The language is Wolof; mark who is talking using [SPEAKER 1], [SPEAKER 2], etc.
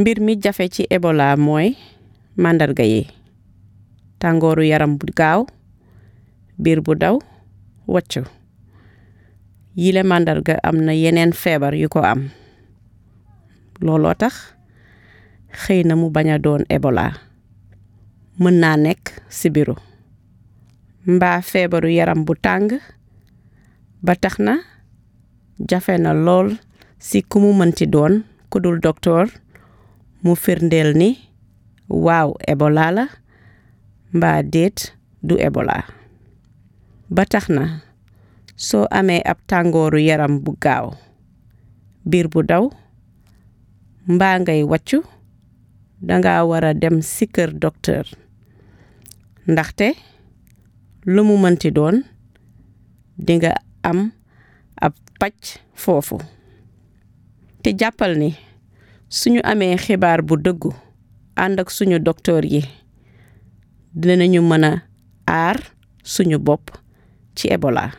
[SPEAKER 1] mbir mi jafe ci ébola mooy màndarga yi tàngooru yaram bu gaaw biir bu daw waccu yile màndarga am na yeneen feebar yu ko am looloo tax xëy na mu bañ a doon ébola mën naa nekk sibiru mbaa feebaru yaram bu tàng ba tax na jafe na lool si ku mu mënti doon ku dul docteur mu firndeel ni waaw Ebola la mbaa déet du ébola ba tax na soo amee ab tàngooru yaram bu gaaw biir bu daw mbaa ngay wàccu danga war a dem si kër docteur ndaxte lu mu mënti doon dinga am ab paj foofu te jàppal ni suñu amee xibaar bu dëggu ànd ak suñu docteur yi dinañu mën a aar suñu bopp ci Ebola